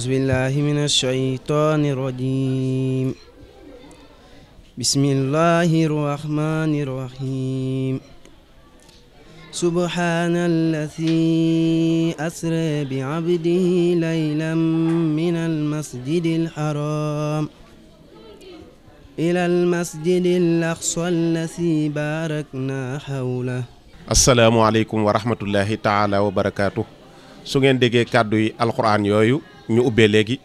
أعوذ بالله من الشيطان الرجيم بسم الله الرحمن الرحيم سبحان الذي أسرى بعبده ليلا من المسجد الحرام إلى المسجد الأقصى الذي باركنا حوله asalaamaaleykum wa rahmatullahi taala wa barakaatu su ngeen déggee kàddu yi alxuraan yooyu ñu ubbee léegi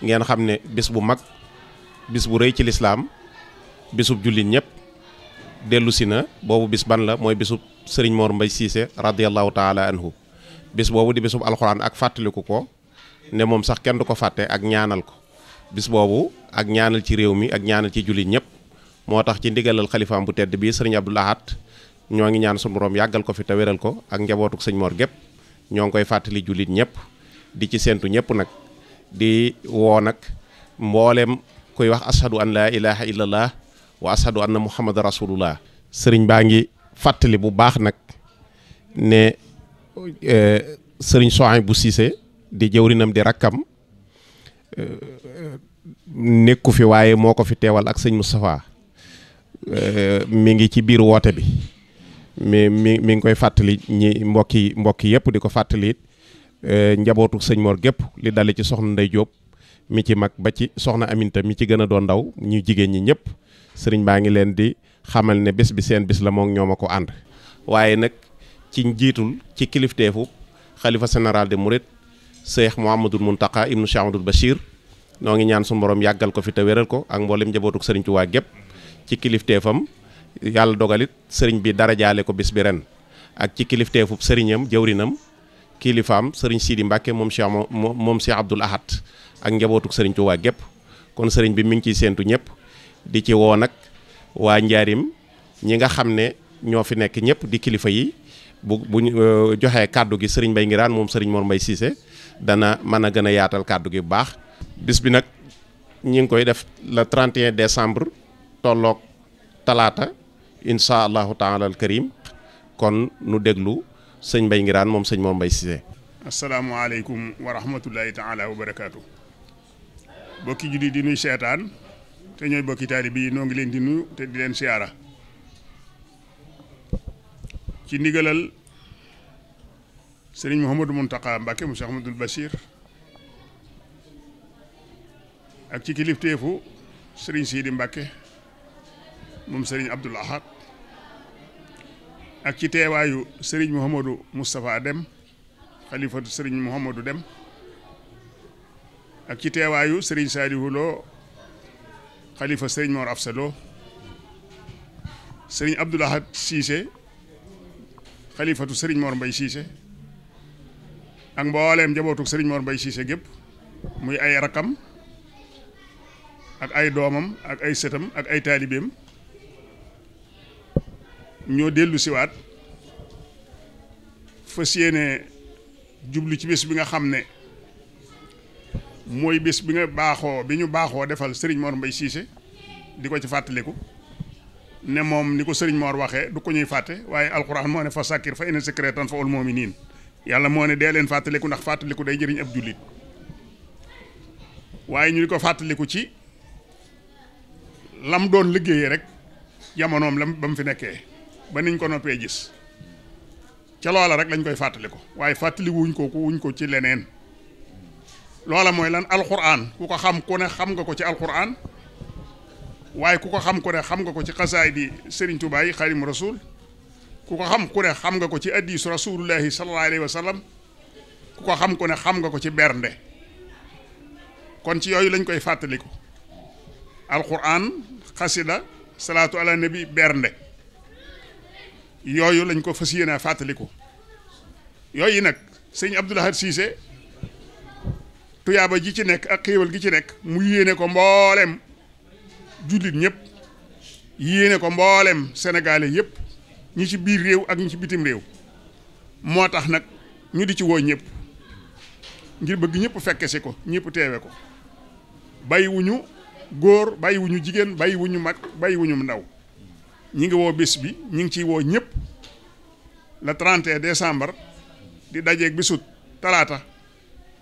ngeen xam ne bis bu mag bis bu rëy ci lislaam bisub jullit ñëpp dellusi na boobu bis ban la mooy bisub sëriñ moor Mbay Siise radiallahu taala anhu bis boobu di bisub alxuraan ak fàttaliku ko ne moom sax kenn du ko fàtte ak ñaanal ko bis boobu ak ñaanal ci réew mi ak ñaanal ci jullit ñëpp moo tax ci ndigalal xalifaam bu tedd bii sëriñ Abdou Lahad ñoo ngi ñaan sunu borom yàggal ko fi te wéral ko ak njabootuk sëñ moor gépp ñoo ngi koy fàttali jullit ñëpp di ci séentu ñëpp nag di woo nag mboolem koy wax ashadu an laa ilaha illallah wa ashadu anna muhammad rasulullah sëriñ baa ngi fàttali bu baax nag ne eh, sëriñ soxaay bu siise di jëwrinam di rakkam eh, nekku fi waaye moo ko fi teewal ak sëñ Moustapha eh, mi ngi ci biir woote bi mais mi mi ngi koy fàttali ñi mbokki mbokki yëpp di ko fàttali Eh, njabootu sëñ Mor gépp li dale ci soxna Ndey mi ci mag ba ci soxna Aminta mi ci gën a doon ndaw ñu jigéen ñi ñëpp sëriñ baa ngi leen di xamal ne bés bi seen bis la moo ñoo ma ko ànd waaye nag ci njiitul ci kilifteefu xalifa général de Mouride Cheikh Mouhamadoul Mountakha ibnu Cheikh Amadou Bachir noo ngi ñaan su borom yàggal ko fi te wéral ko ak mboolem njabootuk sëriñ waa gépp ci kilifteefam yàlla dogalit sëriñ bi dara jaale ko bis bi ak ci kilifteefub sëriñam jëwrinam kilifaam sëriñ Sidi Mbacke moom Cheikh moom Cheikh Abdoul Ahad ak njabootuk sëriñ Touba gépp kon sëriñ bi mi ngi ciy séentu ñëpp di ci woo nag waa njaarim ñi nga xam ne ñoo fi nekk ñëpp di kilifa yi bu bu euh, joxee kàddu gi sëriñ Mbay raan moom sëriñ Mor Mbay siise dana mën a gën a yaatal kàddu gi bu baax. bis bi nag ñi ngi koy def le 31 décembre tollook talaata incha allahu taala karim kon nu déglu. sëñ mbay Ngiraan moom sëñ Mor Mbaye Cissé. asalaamaaleykum wa rahmatulahi taala wa barakaatu. bokki julli di nuy seetaan te ñooy bokki taalibe yi noo ngi leen di nuyu te di leen siyaara ci ndigalal sëriñ Mouhamadou Mountakha Mbacké mu Cheikh Ahmadoul Bachir ak ci kilifteefu sëriñ Sidi Mbacké moom sëriñ Abdoul Ahad ak ci teewaayu sëriñ Mouhamadou Moustapha Dem xalifatu sëriñ Mouhamadou Dem ak ci teewaayu sëriñ Saalihu Lo xalifa sëriñ Mor Afsa sëriñ Abdoul Ahad xalifatu sëriñ Mor Mbay Cissé ak mbooleem njabootu sëriñ Mor Mbay Cissé gépp muy ay rakam ak ay doomam ak ay sëtam ak ay taalibeem ñoo dellu siwaat fas yéene jublu ci bis bi nga xam ne mooy bis bi nga baaxoo bi ñu baaxoo defal Serigne Mor mbay Cissé di ko ci fàttaliku ne moom ni ko Serigne Mor waxee du ko ñuy fàtte waaye alxuraan moo ne fa sàkkir fa inna zikraa tanfa'ul niin yàlla moo ne dee leen fàttaliku ndax fàttaliku day jëriñ ab jullit waaye ñu di ko fàttaliku ci lam doon liggéeyee rek jamonoom lam ba mu fi nekkee ba niñ ko noppee gis ca loola rek lañ koy fàttali ko waaye fàttali wuñ ko wuñ ko ci leneen loola mooy lan alxuraan ku ko xam ku ne xam nga ko ci alxuraan waaye ku ko xam ku ne xam nga ko ci xasaay di Serigne Touba yi Xaadimu Rasuul ku ko xam ku ne xam nga ko ci addiis rasulullahi sallallahu alayhi wa sallam ku ko xam ku ne xam nga ko ci bernde kon ci yooyu lañ koy fàttaliku alquran xasida salaatu ala nabi bernde yooyu lañ ko fas yéene fàttaliku yooyu nag sëñ Abdou Lahad Cissé tuyaaba ji ci nekk ak xéewal gi ci nekk mu yéene ko mboolem jullit ñëpp yéene ko mbooleem sénégalais yëpp ñi ci biir réew ak ñi ci bitim réew moo tax nag ñu di ci woo ñëpp ngir bëgg ñëpp fekke si ko ñëpp teewe ko bàyyiwuñu góor bàyyiwuñu jigéen ñu mag bàyyiwuñu ndaw ñi ngi woo bis bi ñi ngi ciy woo ñëpp le 31 décembre di dajeeg bisu talaata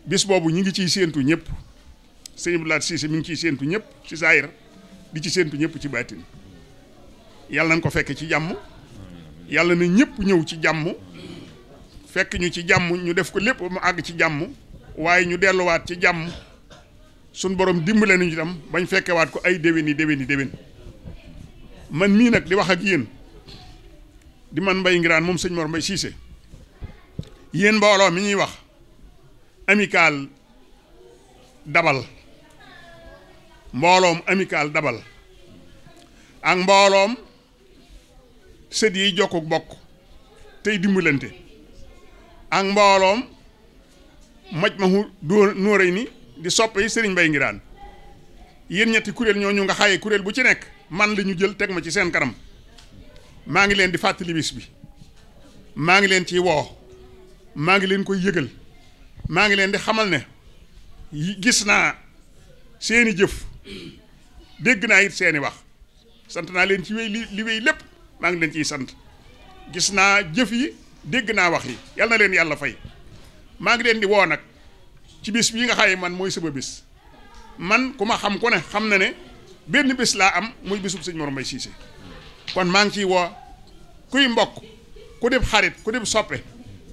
bis boobu ñi ngi ciy séentu ñëpp sëñ Abdou Lahad Cissé mi ngi ciy séentu ñëpp ci saayir di ci séentu ñëpp ci baatin yàlla nañ ko fekk ci jàmm yàlla na ñëpp ñëw ci jàmm fekk ñu ci jàmm ñu def ko lépp mu àgg ci jàmm waaye ñu delluwaat ci jàmm suñ borom dimbale nañu itam bañ fekkewaat ko ay déwén yi déwén yi déwén man mii nag di wax ak yéen di man Mbay Ngiraan moom sëñ Mor Mbay siise yéen mbooloo mi ñuy wax amical dabal mbooloom amical dabal ak mbooloom sët yi jokku bokk tey dimbalante ak mbooloom maj ma hu dóor nóoréy ni di sopp yi sëriñ Mbay Ngiraan yéen ñetti kuréel ñooñu nga xaye kuréel bu ci nekk man lañu jël teg ma ci seen kanam maa ngi leen di fàttali bis bi maa ngi leen ciy woo maa ngi leen koy yëgal maa ngi leen di xamal ne gis naa seeni jëf dégg naa it seeni wax sant naa leen ci wéy li li wéy lépp maa ngi leen ciy sant gis naa jëf yi dégg naa wax yi yal na leen yàlla fay maa ngi leen di woo nag ci bis bii nga xaye man mooy sama bis man ku ma xam ku ne xam na ne benn bis laa am muy bisub sëñ Mor Mbaye Cissé kon maa ngi ciy woo kuy mbokk ku dib xarit ku dib soppe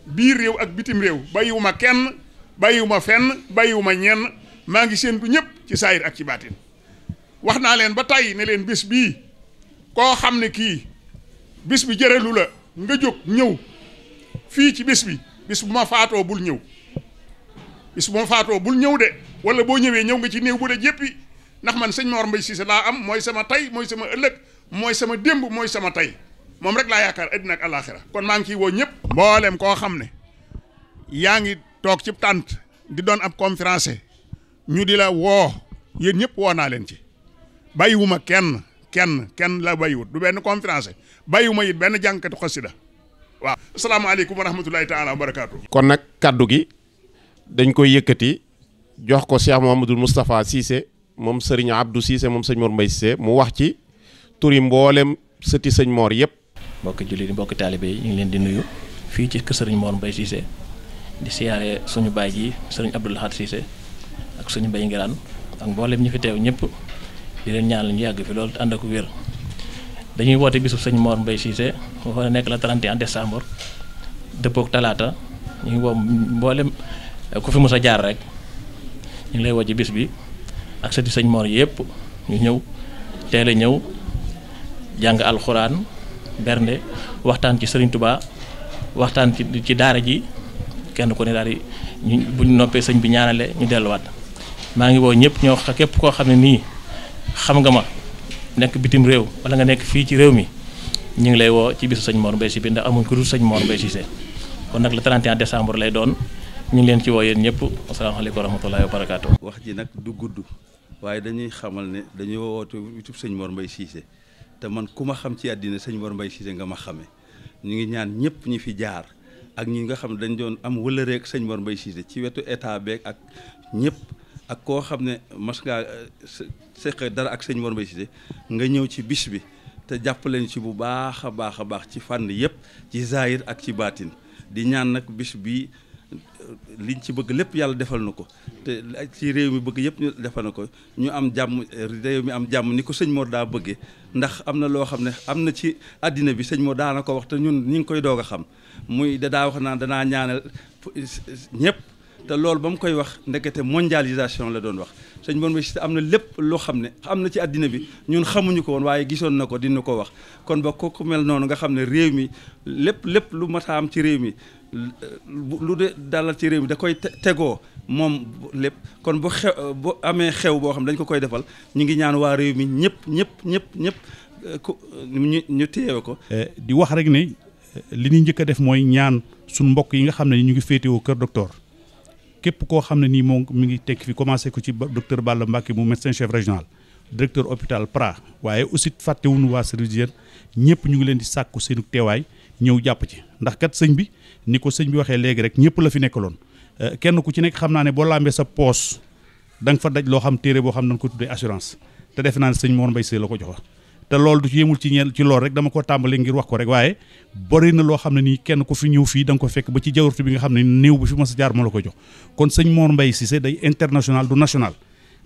biir réew ak bitim réew ma kenn bàyyiwuma fenn ma ñenn maa ngi séentu ñépp ci saayir ak ci baatin wax naa leen ba tàyyi ne leen bis bii koo xam ne kii bis bi jërelu la nga jóg ñëw fii ci bis bi bis bu ma faatoo bul ñëw bis bu ma faatoo bul ñëw de wala boo ñëwee ñëw nga ci néew bu la jéppi ndax man sëñ Mor Mbaye Cissé laa am mooy sama tay mooy sama ëllëg mooy sama démb mooy sama tay moom rek laa yaakaar àddina ak àllaaxira kon maa ngi ciy woo ñëpp. mboolem koo xam ne yaa ngi toog ci tànt di doon ab conférencier ñu di la woo yéen ñëpp woo naa leen ci bàyyiwuma kenn kenn kenn la bàyyiwut du benn conférencier bàyyiwuma it benn jànkatu xasida waaw asalaamaaleykum wa rahmatulahi taala wa barakaatu. kon nag kaddu gi dañ koy yëkkati. jox ko Cheikh Mouhamadul Moustapha Cissé moom sëriñ Abdou Cissé moom sëñ Mor Mbaye Cissé mu wax ci turi mboolem sëti sëñ Mor yëpp. mbokki jullit mbokki taalibe yi ñu ngi leen di nuyu fii ci kër sëriñ Mor Mbaye di siyaare suñu baay ji sëriñ Abdou Lahad Cissé ak suñu mbay ngiraan ak mboolem ñu fi teew ñëpp di leen ñaanal ñu yàgg fi loolu ànd ak wér. dañuy woote bisu sëñ Mor Mbaye Cissé boo fa nekk la 31 décembre dëppook talaata ñu ngi woo mboolem ku fi mos a jaar rek. ñu ngi lay woo ci bis bi ak sëti sëñ Mor yëpp ñu ñëw teel a ñëw jàng alxuraan bernde waxtaan ci Serigne tubaa waxtaan ci ci daara ji kenn ku ne daal di ñu noppee sëñ bi ñaanale ñu delluwaat maa ngi woo ñëpp ñoo xa képp koo xam ne nii xam nga ma nekk bitim réew wala nga nekk fii ci réew mi ñu ngi lay woo ci bisu sëñ moor Mbaye Cissé bi ndax amuñ ku dul sëñ Mor kon nag la le 31 décembre lay doon. ñu ngi leen ci woo yéen ñëpp asalaamaaleykum wa rahmatullahi wa barakaatu. wax ji nag du gudd waaye dañuy xamal ne dañoo woote yutub sëñ Mor Mbaye Cissé te man ku ma xam ci àddina sëñ Mor Mbaye Cissé nga ma xamee ñu ngi ñaan ñëpp ñi fi jaar ak ñi nga xam ne dañ doon am wëlëreek sëñ Mor Mbaye Cissé ci wetu état beeg ak ñëpp ak koo xam ne mas ngaa seqe dara ak sëñ Mor Mbaye nga ñëw ci bis bi te jàpp leen ci bu baax a baax a baax ci fànn yëpp ci zaahir ak ci baatin di ñaan nag bis bi liñ ci bëgg lépp yàlla defal na ko te ci réew mi bëgg yëpp ñu defal na ko ñu am jàmm réew mi am jàmm ni ko sëñ Mor daa bëggee ndax am na loo xam ne am na ci àddina bi sëñ Mor daa na ko wax te ñun ñu ngi koy doog a xam muy dadaa wax naan danaa ñaanal ñëpp te loolu ba mu koy wax ndekete mondialisation la doon wax sëñ Mor Mbay am na lépp loo xam ne am na ci àddina bi ñun xamuñu ko woon waaye gisoon na ko dina ko wax kon ba ko mel noonu nga xam ne réew mi lépp lépp lu mat a am ci réew mi lu de dalal ci réew mi da koy tegoo moom lépp kon bu xew bu amee xew boo xam dañ ko koy defal ñu ngi ñaan waa réew mi ñëpp ñëpp ñëpp ñëpp eh, ku ñu ñu téyewe eh, di wax rek ne eh, li ñu njëkk def mooy ñaan suñ mbokk yi nga xam ne ñu ngi féetewoo kër docteur képp koo xam ne nii moom mi ngi tekk fi commencé ko ci docteur Balla Mbacké mu médecin chef régional directeur hôpital Pra waaye aussi fàttewuñu waa service d'hygiène ñëpp ñu ngi leen di sàkku seenu teewaay. ñëw jàpp ci ndax kat sëñ bi ni ko sëñ bi waxee léegi rek ñëpp la fi nekkaloon euh, kenn ku ci nekk xam naa ne boo làmbee sa poos da nga fa daj loo xam téere boo xam nañ ko tuddee assurance te defe naa ne sëñ Mor Mbaye Seye ko jox te loolu du ci yemul ci ñeel ci lool rek dama ko tàmbali ngir wax ko rek waaye bari na loo xam ne nii kenn ku fi ñëw fii da nga ko fekk ba ci jawrtu bi nga xam ne néew bi fi mas a jaar moo la ko jox kon sëñ Mor Mbaye Cissé day international du national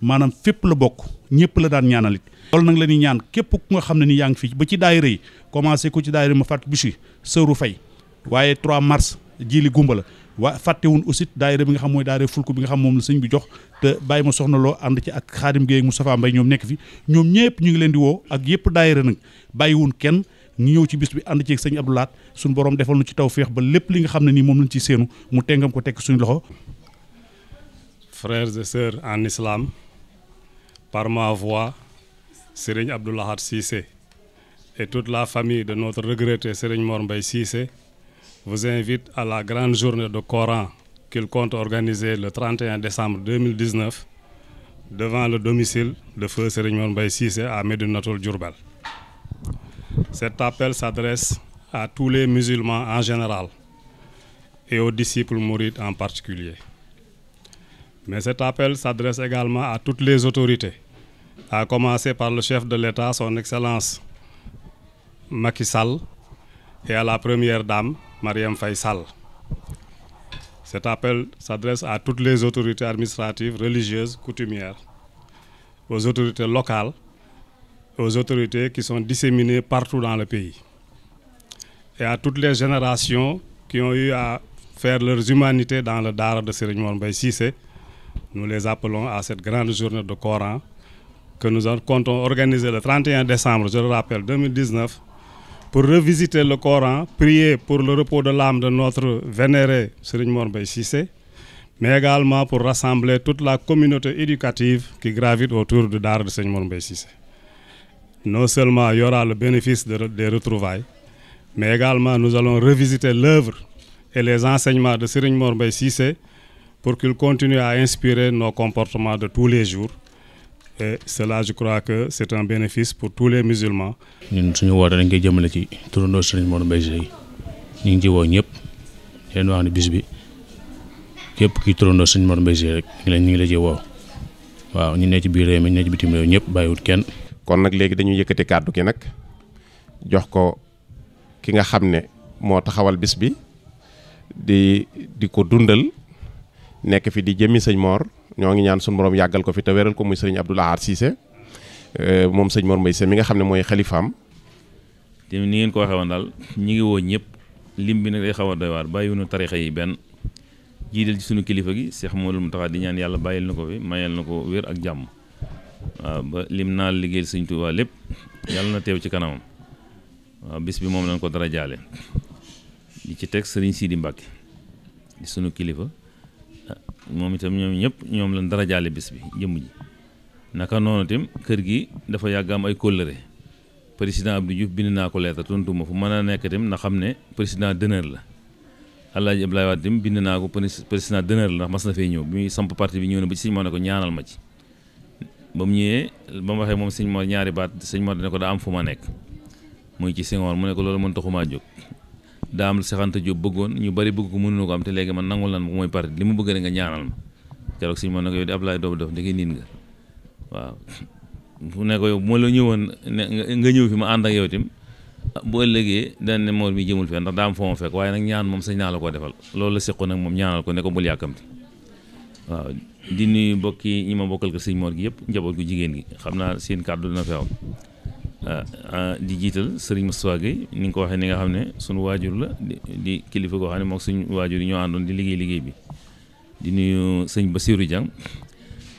maanaam fépp la bokk ñëpp la daan ñaanalit loolu nag la ñuy ñaan képp ku nga xam ne ni yaa ngi fii ba ci daayira yi commencé ko ci daayira ma fàtt bisu sëru fay waaye 3 mars jii li gumba la waa fàttewun aussi daayira bi nga xam mooy daayira fulku bi nga xam moom la sëñ bi jox te bàyyi ma soxna loo ànd ci ak xaadim Gueye mu Moustapha mbay ñoom nekk fi ñoom ñëpp ñu ngi leen di woo ak yëpp daayira nag bàyyiwun kenn ñu ñëw ci bis bi ànd ceeg sëñ Abdou Lahat suñu borom defal nu ci taw féex ba lépp li nga xam ne nii moom lañ ci séenu mu tengam ko tekk suñu loxo frères et sœurs en par ma voix, Serigne Abdoulahad Sissé et toute la famille de notre regretté Serigne Mormbay Sissé vous invite à la grande journée de Coran qu'il compte organiser le 31 décembre 2019 devant le domicile de feu Serigne Mormbay Sissé à Médinatoul Diourbel. Cet appel s'adresse à tous les musulmans en général et aux disciples mourides en particulier. Mais cet appel s'adresse également à toutes les autorités à commencer par le chef de l'État, son Excellence Macky Sall, et à la Première Dame, Mariam Faisal. Cet appel s'adresse à toutes les autorités administratives, religieuses, coutumières, aux autorités locales, aux autorités qui sont disséminées partout dans le pays, et à toutes les générations qui ont eu à faire leurs humanités dans le Dara de Serigne Mor Mbaye Cissé. Nous les appelons à cette grande journée de Coran que nous comptons organiser le 31 décembre, je le rappelle, 2019, pour revisiter le Coran, prier pour le repos de l'âme de notre vénéré Serigne Mor Mbaye Cissé, mais également pour rassembler toute la communauté éducative qui gravite autour de Daara de Serigne Mor Mbaye Cissé. Non seulement il y aura le bénéfice de, des retrouvailles, mais également nous allons revisiter l'œuvre et les enseignements de Serigne Mor Mbaye Cissé pour qu'il continue à inspirer nos comportements de tous les jours. et cela crois que c'est un bénéfice pour tous les musulmans. ñun suñu woote dañ koy jëmale ci turandoo Serigne Modou Mbaye Sy ñu ngi ci woo ñëpp leen wax ne bis bi képp ki turandoo Serigne Modou Mbaye Sy ñu ngi la ci woo waaw ñu ne ci biir réew mi ñu ne ci bitim réew ñëpp bàyyiwut kenn. kon nag léegi dañuy yëkkati kàddu ki nag jox ko ki nga xam ne moo taxawal bis bi di di ko dundal nekk fi di jëmmi sëñ Mor. ñoo ngi ñaan suñu borom yàggal ko fi te weral ko muy sëriñ Abdou Lahad Cissé euh, moom sëñ Mor Mbaye Cissé mi nga xam ne mooy xalifaam. te ni ngeen ko waxee woon daal ñi ngi woo ñëpp lim bi nag day xaw a doy waar bàyyiwuñu tarixa yi benn jiital de sunu kilifa gi Seex mu Muntaxa di ñaan yàlla bàyyil na ko fi mayal na ko wér ak jàmm waaw ba lim naa liggéey sëñ Tuubaa lépp yàlla na teew ci kanamam waaw bis bi moom lañ ko dara jaale li ci teg sëriñ Sidi Mbàkke sunu kilifa. moom itam ñoom ñëpp ñoom lañ dara jaale bis bi jëmm ji naka noonu itam kër gi dafa yàgg am ay kóllëre président Abdou Diouf bind naa ko leetar tontu ma fu mën a nekk itam na xam ne président d'honneur la Alaaji Abdoulaye Wade itam bind naa ko président d'honneur la ndax mas na fee ñëw bi muy samp parti bi ñëw na ba ci sëñ moo ne ko ñaanal ma ci ba mu ñëwee ba mu waxee moom sëñ moo ñaari baat sëñ moo ne ko daa am fu ma nekk muy ci Senghor mu ne ko loolu mën taxumaa jóg daa am Cheikh Anta bëggoon ñu bari bëgg ko mënuñu ko am te léegi man nangul lan mooy parti li mu bëgg rek nga ñaanal ma keroog suñu ko yow di Ablaye dof niin nga waaw fu ne ko yow la ñëwoon nga ñëw fi ma ànd ak yow itam boo ëllëgee daan ne moor mi jëmul fenn ndax daa am foo ma fekk waaye nag ñaan moom sañ naa la koo defal loolu la seqoon nag moom ñaanal ko ne ko bul yàkkamti waaw di nuyu mbokki ñi ma bokkal ko sëñ moor gi yëpp njaboot gu jigéen gi xam naa seen kàddu dina feew Euh, euh, di jiital Serigne Moustapha Gueye ni nga ko waxee ni nga xam ne sunu waajur la di kilifa ko xam ne moo suñu waajur yi ñoo àndoon di liggéey liggéey bi di nuyu sëñ Basirou Dieng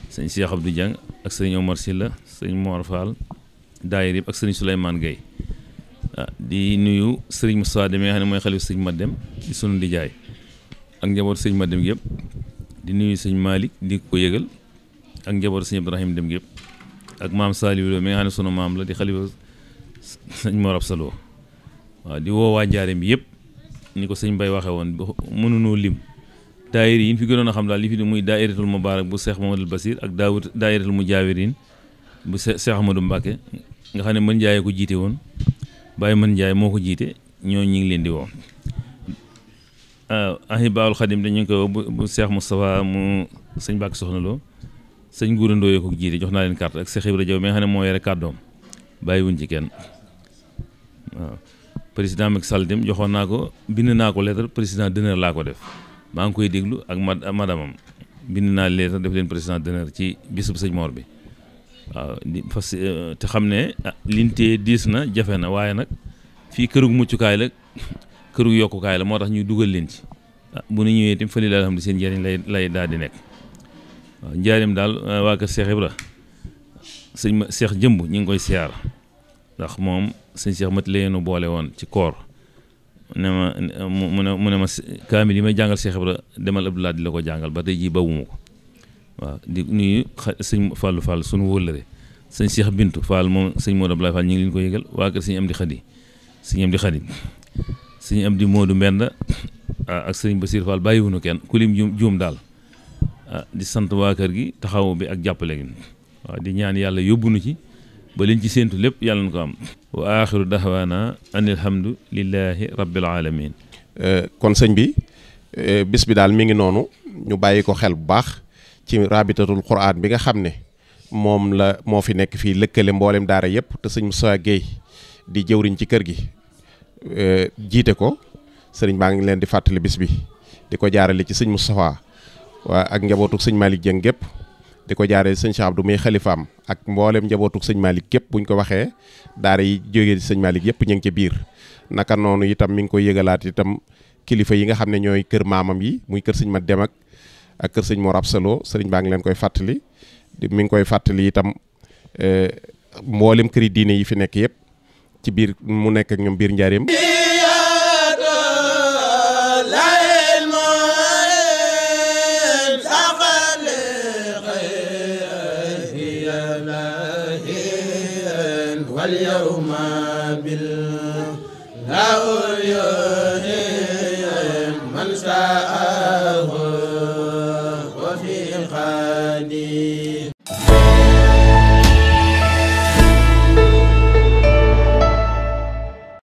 sëñ Cheikh Abdou Dieng ak sëñ Omar Sylla sëñ Mor Fall daayir yëpp ak sëñ Souleymane Gueye ah, di nuyu Serigne Moustapha Deme nga xam ne mooy xalifa sëñ Madem di sunu nijaay ak njaboot sëñ ma dem gépp di nuyu sëñ Malick di ko yëgal ak njaboot sëñ Ibrahima Dem gépp ak maam Saliou Lo mi nga xam ne sunu maam la di xalifa sëñ Mor Absa Lo waaw di woo waa Njaareem bi yëpp ni ko sëñ Bay waxee woon mënunoo lim daayir yi fi gënoon a xam daal li fi muy daayiratul Mubarak bu Seex Mamadul Basir ak daawut daayiratul Mujaawirin bu Seex Ahmadou Mbàkke nga xam ne mën njaay ko jiite woon Baye mën njaay moo ko jiite ñoo ñu ngi leen di woo ahibaawul xadim dañu ko bu Seex Moustapha mu sëñ Mbàkke soxna loo sëñ Nguura Ndoye ko jiite jox naa leen carte ak Cheikh Ibra Diaw mi nga xam ne moo yore kàddoom bàyyiwuñ ci kenn waaw président Macky Sall dem joxoon naa ko bind naa ko lettre président d'honneur laa ko def maa ngi koy déglu ak madamam bind naa lettre def leen président d'honneur ci bisub sëñ Mor bi waaw di euh, te xam ne ah, lintee diis na jafe na waaye nag fii kërug muccukaay la kërug yokkukaay la moo tax ñuy dugal leen ci ah, bu nu ñëwee itam fële laa xam ne seen njëriñ lay lay daal di nekk waaw njaarim daal euh, waa kër Cheikh Ibra sëñ ma Cheikh jëmb ñu ngi koy siyaar ndax moom sëñ Cheikh mat leenu boole woon ci koor ne ma mu ne mu ne ma kaamil yi may jàngal Cheikh la demal Abdoulaye di la ko jàngal ba tey jii bawuma ko waaw di nuyu sëñ Fallou suñu sunu wëllëre sëñ Bintu Fall moom sëñ Modou Abdoulaye Fall ñu ngi leen ko yëgal waa kër sëñ Amdi Xadi sëñ Amdi Xadi sëñ Amdi Modou Mbenda ak sëñ Basir Fall bàyyiwunu kenn ku lim juum daal Ah, di sant waa kër gi taxaw bi ak jàppale gi waaw di ñaan yàlla yóbbu nu ci ba ci séentu lépp yàlla na ko am wa axiru daxwaana an ilhamdu lillahi rabbil alamin eh, kon sëñ bi eh, bis bi daal mi ngi noonu ñu bàyyi ko xel bu baax ci rabitatul quraan bi nga xam ne moom la moo fi nekk fii lëkkale mboolem daara yëpp te sëñ Moussa Guèye di jëwriñ ci kër gi eh, jiite ko sëriñ baa ngi leen di fàttali bis bi di ko jaarale ci sëñ Moustapha waa ak njabootuk sëñ Malick Dieng gépp di ko jaaree sëñ Cheikh Abdou muy xalifaam ak mboolem njabootuk sëñ Malick gépp ñu ko waxee daara yi jógee sëñ Malick yëpp ñu ngi ca biir naka noonu itam mi ngi koy yëgalaat kilifa yi nga xam ne ñooy kër maamam yi muy kër sëñ ma dem ak ak kër sëñ Mor Absalo sëriñ baa ngi leen koy fàttali mi ngi koy fàttali itam eh, mboolem këri diine yi fi nekk yëpp ci biir mu nekk ak ñoom biir njaareem